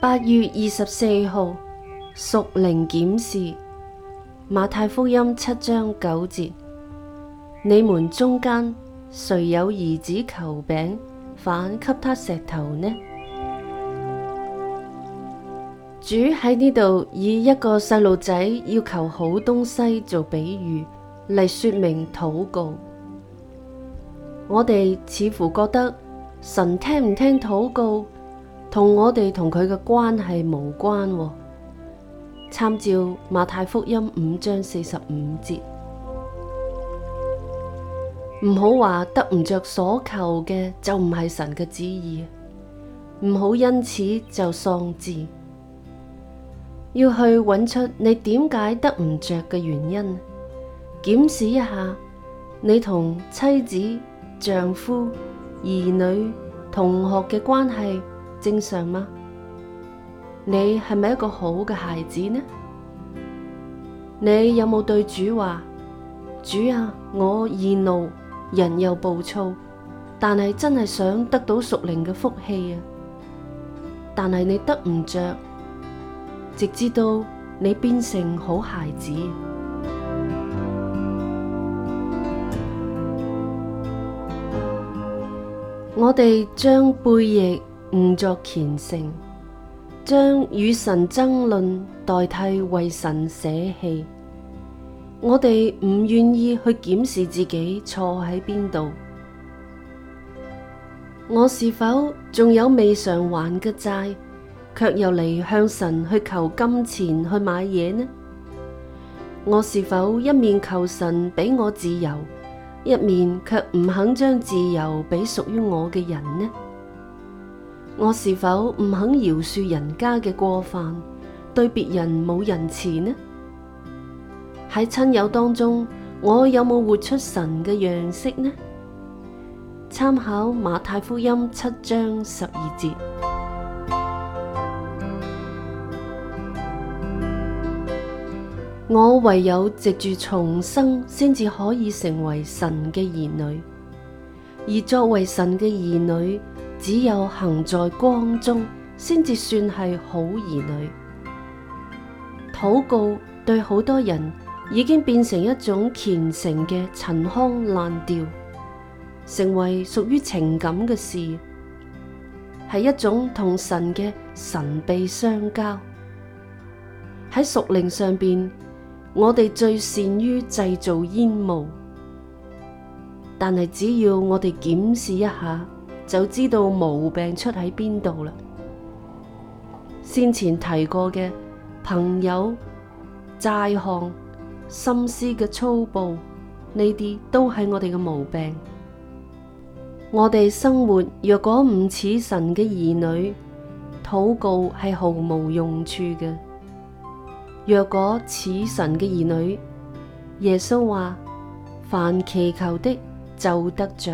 八月二十四號，屬靈檢視《馬太福音》七章九節：你們中間誰有兒子求餅，反給他石頭呢？主喺呢度以一個細路仔要求好東西做比喻嚟說明禱告。我哋似乎覺得。神聽唔聽禱告，同我哋同佢嘅關係無關喎。參照馬太福音五章四十五節，唔好話得唔着所求嘅就唔係神嘅旨意，唔好因此就喪志，要去揾出你點解得唔着嘅原因，檢視一下你同妻子、丈夫。兒女同學嘅關係正常嗎？你係咪一個好嘅孩子呢？你有冇對主話主啊，我易怒，人又暴躁，但係真係想得到屬靈嘅福氣啊！但係你得唔着，直至到你變成好孩子。我哋將背逆誤作虔誠，將與神爭論代替為神捨棄。我哋唔願意去檢視自己錯喺邊度。我是否仲有未償還嘅債，卻又嚟向神去求金錢去買嘢呢？我是否一面求神畀我自由？一面卻唔肯將自由俾屬於我嘅人呢？我是否唔肯饒恕人家嘅過犯，對別人冇仁慈呢？喺親友當中，我有冇活出神嘅樣式呢？參考馬太福音七章十二節。我唯有藉住重生，先至可以成為神嘅兒女；而作為神嘅兒女，只有行在光中，先至算係好兒女。禱告對好多人已經變成一種虔誠嘅陳腔濫調，成為屬於情感嘅事，係一種同神嘅神秘相交喺屬靈上邊。我哋最善於製造煙霧，但係只要我哋檢視一下，就知道毛病出喺邊度啦。先前提過嘅朋友債項心思嘅粗暴，呢啲都係我哋嘅毛病。我哋生活若果唔似神嘅兒女，禱告係毫無用處嘅。若果似神嘅兒女，耶穌話：凡祈求的，就得着。